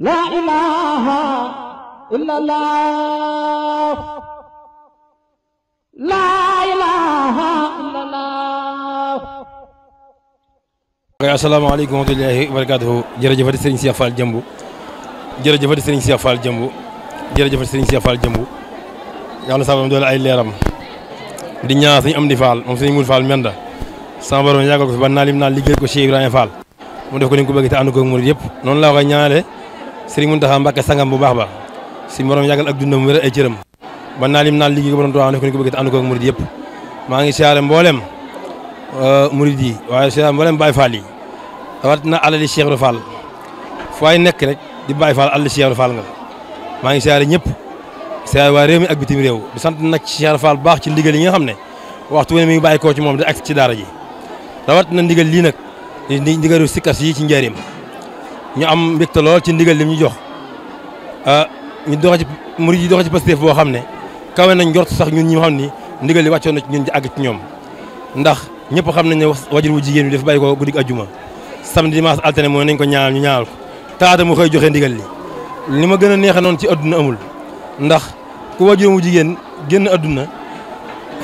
La ilaha illallah. La ilaha illallah. asalaamaaleykum wa wabarakatuh. wa barakaatuhu jërëjëfati Serigne Cheikh Fall Jëmbu jërëjëfati Serigne Cheikh Fall Jëmbu jërëjëfati Serigne Cheikh Fall Jëmbu yàlla sabam dool ay leram di ñaan Serigne Amdi Fall mom Serigne mul Fall menda sama borom yàggal ko fi ba naa lim naa ko Cheikh Ibrahim Fall mu def ko ni ko bëgg ta and ko murid yëpp non la ko ñaanale Serigne Mountakha Mbacké sangam bu baax ba suñu borom yàggal ak dundam wér ay cëram ba naa lim naa liggéey ko borom Tuubaa ne ko ni te ànd ko ak murid maa ngi siyaare mboolem euh, murid yi waaye siyaare mboolem Baye Fall yi na alali Cheikh Ibra Fall fu waay nekk rek di Baye Fall alali Cheikh Ibra Fall nga maa ngi siyaare ñëpp siyaare waa réew mi ak bitim réew di sant nag Cheikh Ibra baax ci ndigal yi nga xam ne waxtu wu ne mi ngi koo ci moom di ak ci daara ji rawatina ndigal lii nag di ndigalu ci njëriñ ñu am mbégte lool ci ndigal li ñu jox ah, ñu doxe ci murid yi doxe ci Pastef boo xam ne kawe nañ njort sax ñun ñi xam ni ndigal li wàccoon na ci ñun di àgg ci ñoom ndax ñëpp xam nañ ne wajur wu jigéen bi dafa bàyyi ko guddi ajuma samedi dimanche alterné mooy nañ ko ñaanal ñu ñaanal ko taata mu koy joxe ndigal li li ma gën a neexe noonu ci adduna amul ndax ku wajur wu jigéen génn adduna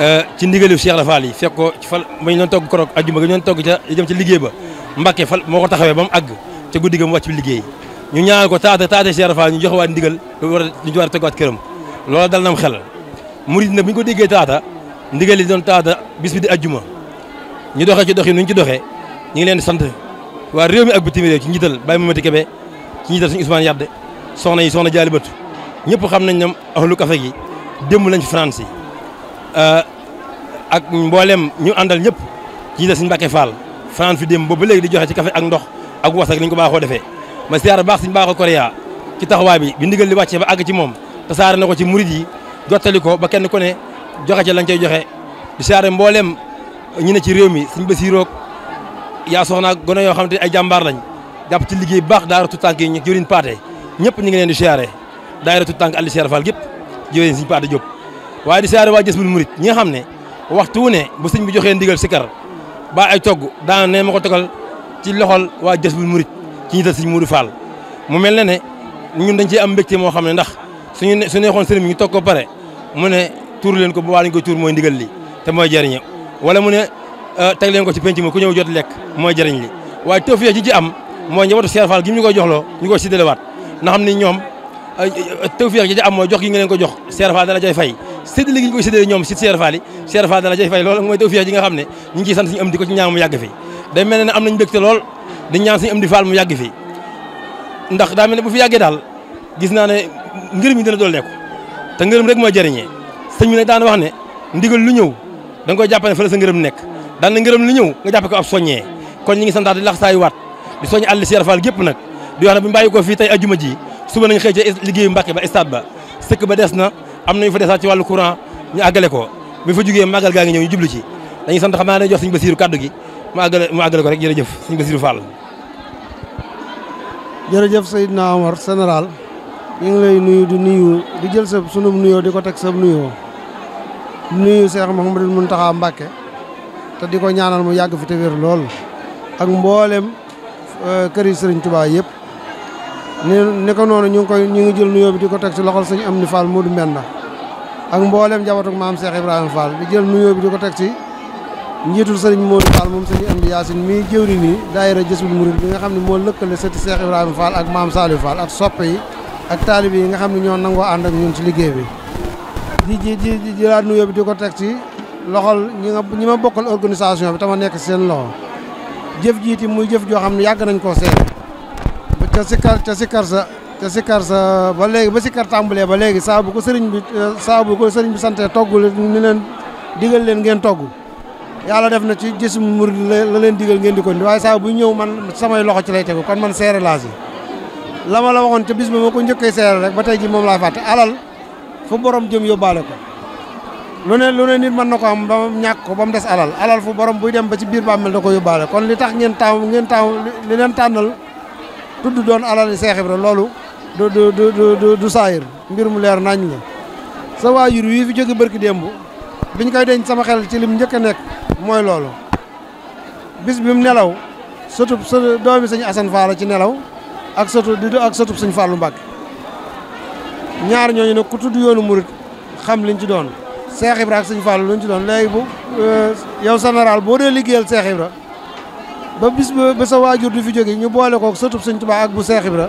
eh, ci ndigalu si la Fall yi fekk ko ci fal bañ doon togg korok ajuma ga ñoon togg ca jëm ci liggéey ba Mbàkke fal moo ko taxawee ba mu àgg ca guddi ga bi liggéey ñu ñaanal ko taata taata Cheikh Fall ñu joxe waat ndigal lu war a lu ñu war a tegaat këram loolu dal nam xel murid nag bu ñu ko déggee taata ndigal li doon taata bis bi di ajjuma ñu doxee ci doxi nu ñu ci doxee ñu ngi leen sant waa réew mi ak bitim réew ci njiital Baye Mamadi Kebe ci njiital suñu Ousmane Yadde soxna yi soxna jaali bëtu ñëpp xam nañ ñoom ahlu kafe gi démb lañ fi France euh, ak mboolem ñu àndal ñëpp ci njiital suñu Mbàkke Fall France fi démb boobu léegi di joxe ci kafe ak ndox ak was ak ko baaxoo defee ma siyaar baax suñu baaxoo Korea ci taxawaay bi ndigal li wàccee ba àgg ci moom tasaare na ko ci murid yi jottali ko ba kenn ko ne joxe ca lañ cay joxe di siyaare mbooleem ñu ne ci réew mi suñ basiroog yaa soxna gone yoo xam te ay jàmbaar lañ jàpp ci liggéey baax daara tuttànk yi ñu jëriñ paate ñëpp ñu ngi leen di siyaare daayira tuttànk Aliou Cheikh Fall gépp jëriñ suñu paate jóg waaye di siyaare waa jës bul murid ñi nga xam ne waxtu ne bu sëñ bi joxee ndigal sikar ba ay ci loxol waa Jazbul Murid ci ñi dal Sëriñ Modou Fall mu mel ne ne ñun dañ ciy am mbégte moo xam ne ndax suñu ne su neexoon sëriñ bi ñu toog ko pare mu ne tuur leen ko bu waa lañ ko tuur mooy ndigal li te mooy jëriñe wala mu ne euh, teg leen ko ci penc mi ku ñëw jot lekk mooy jëriñ li waaye tawfeex ji ci am mooy ni ñoom tawfeex ji ci am mooy jox gi nga leen ko jox Cheikh Fall dala jay fay séddale gi ñu koy séddale ñoom si Cheikh Fall yi Cheikh dala jay fay loolu mooy tawfeex ji nga xam ne ñu ngi ciy ko ci mu yàgg fi day mel ne am nañ mbégte lool di ñaan suñu am di faal mu yàgg fii ndax daa mel ne bu fi yàggee daal gis naa ne ngërëm yi dina dooleeku te ngërëm rek moo jëriñee sëñ bi daan wax ne ndigal lu ñëw da nga koy jàpp ne fa la sa ngërëm nekk daan na ngërëm lu ñëw nga jàpp ko ab soññee kon ñi ngi santaat di lax saayu waat di soññ àll si yarfaal gépp nag di wax ne bu ñu ko fii tey ajuma ji suba nañ xëy ca liggéeyu Mbàkke ba stade ba sëkk ba des na am nañu fa desaat ci wàllu courant ñu ko bi fa jugee màggal gaa ngi ñëw jublu ci dañuy sant xam naa ne jox suñu basiiru kàddu gi mu àggale mu àggale ko rek jërëjëf sëñ Bassirou Fall. jërëjëf Seydina Omar général ñu ngi lay nuyu di nuyu di jël sa sunu nuyoo di ko teg sa nuyoo nuyu Cheikh Mouhamadou Mountakha Mbacké te di ko ñaanal mu yàgg fi te wér lool ak mboolem euh, kër yi Serigne Touba yëpp. ni ko noonu ñu ngi koy ñu ngi jël nuyoo bi di ko teg si loxol sëñ Amdi Fall du Mbenda ak mboolem jabatug maam Cheikh Ibrahima Fall di jël nuyoo bi di ko teg si. njiitul sëriñ Modou Fall moom sëriñ Amdi Yaasin mii jëwri nii daayira Jazbul bi nga xam ne moo lëkkale sëti Cheikh Ibrahima Fall ak maam Saliou Fall ak soppe yi ak taalib yi nga xam ne ñoo nangoo ànd ak ñun ci liggéey bi di ji ji ji jëlaat nuyoo bi di ko teg ci loxol ñi ma bokkal organisation bi tama nekk seen loxo jëf jiiti muy jëf joo xam ne yàgg nañ koo seet te sikar te sikar sa te sikar sa ba léegi ba sikar tàmbalee ba léegi saabu ko sëriñ bi saa ko sëriñ bi sante togg ni leen digal leen ngeen togg yalla def na ci jissum mur la len digal ngeen di ko indi waaye bu ñew man samay loxo ci lay teggu kon man séré la ci lama la waxon ci bis bu mako ñëkke séré rek ba ji mom la alal fu borom jëm yobale ko lu ne lu ne nit man nako am bam ñak ko bam dess alal alal fu borom bu dem ba ci biir bàmmeel da ko yobale kon li tax ngeen taw ngeen taw li len tanal tuddu doon alal cheikh ibrahim lolu du du du du saayir mbir mu leer nañ la sa waajur wi fi jóge barki dembu biñ koy denc sama xel ci lim njëkk a nekk mooy loolu bis bi mu nelaw sëtub së doomi sëñ Assane Fall ci nelaw ak sëtu di ak sëtub sëñ Fallou Mbacké ñaar ñooñu nag ku tudd yoonu murit xam liñ ci doon Cheikh Ibra ak sëñ Fallou luñ ci doon léegi bu euh, yow général boo dee liggéeyal Cheikh Ibra ba bis ba sa waajur du fi jóge ñu boole ko sëtub sëñ Tuubaa ak bu Cheikh Ibra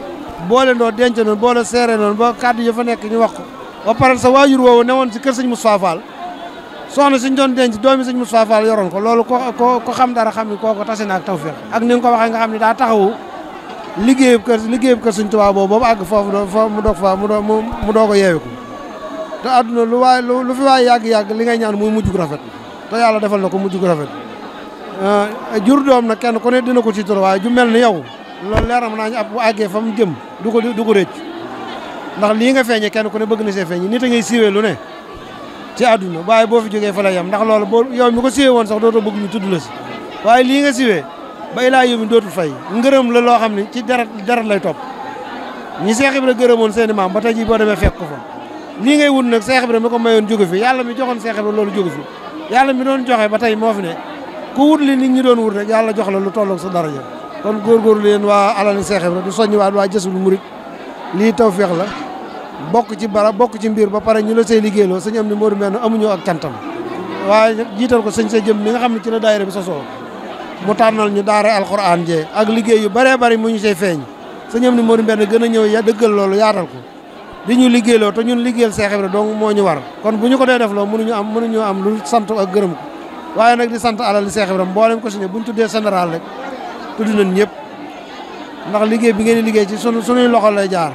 boole doo denc noonu boole seere noonu ba kàddu ya fa nekk ñu wax ko ba pare sa waajur woowu newoon ci kër sëñ Moustapha Fall soxna suñ doon denc doomi sëñ Moustapha Fall yoroon ko loolu ko ko xam dara xam ni kooku tase na ak tawféex ak ni nga ko waxee nga xam ne daa taxawu liggéeyub kër liggéeyub kër suñ Tuubaa boobu boobu àgg foofu mu doog fa mu doog a yeewe ko te àdduna lu waay lu fi waay yàgg-yàgg li ngay ñaan muy mujj gu rafet te yàlla defal na ko mujj gu rafet euh, jur doom nag kenn ku ne dina ko ci tur waaye ju mel ni yow loolu leeram naa ñu ab bu àggee fa mu jëm du ko du ko rëcc ndax lii nga feeñe kenn ku ne bëgg na see feeñe nit a ngay siiwee lu ne ci àdduna waaye boo fi jógee fo la yem ndax loolu boo yow mi ko siwee woon sax dootoo bëgg ñu tudd la si waaye lii nga siwee ba ilaa yow mi dootul fay ngërëm la loo xam ne ci deret deret lay topp ñi Seex Ibra gërëmoon seen i maam ba tey jii boo demee fekk ko fa lii ngay wut nag Seex Ibra mi ko mayoon jóge fi yàlla mi joxoon Seex Ibra loolu jóge fi yàlla mi doon joxe ba tey moo fi ne ku wut li ni ñi doon wut rek yàlla jox la lu tolloog sa daraja kon góorgóorlu leen waa alal Seex Ibra du soññi waat waa Jazbul Mouride lii tawfeex la bokk ci bara bokk ci mbir ba pare ñu la say liggéeyloo sëñ am ni Modou Mbène amuñu ak cantam waaye jiital ko sëñ sa jëm mi nga xam ne ci la daayira bi sosoo mu tànnal ñu daara alxuraan jee ak liggéey yu bëree bëri mu ñu say feeñ sëñ am ni Modou Mbène gën a ñëw ya dëggal loolu yaatal ko di ñu liggéeyloo te ñun liggéeyal Seex Ibra dong moo ñu war kon bu ñu ko dee def loo mënuñu am mënuñu am lu sant ak gërëm ko waaye nag di sant alal li Seex Ibra mboolem ko suñu buñ tuddee général rek tudd nañ ñëpp ndax liggéey bi ngeen liggéey ci sunu sunuy loxo lay jaar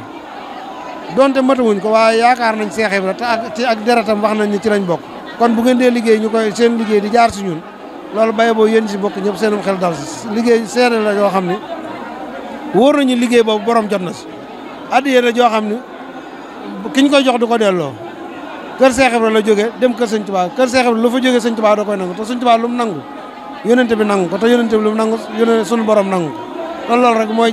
donte wuñ ko waaye yaakaar nañ Seex Ibra te ak ci ak wax nañ ni ci lañ bokk kon bu ngeen dee liggéey ñu koy seen liggéey di jaar si ñun loolu bay boo yéen si bokk ñëpp seenum xel dal si liggéey seere la yoo xam ne wóor nañu liggéey boobu borom jot na si addiye la joo xam ne kiñ ko jox di ko delloo kër Seex Ibra la jóge dem kër Sëñ Tuubaa kër Seex Ibra lu fa jóge Sëñ Tuubaa da koy nangu te Sëñ Tuubaa lu mu nangu yónente bi nangu ko te yónente bi lu mu nangu yónente sunu borom nangu ko kon loolu rek mooy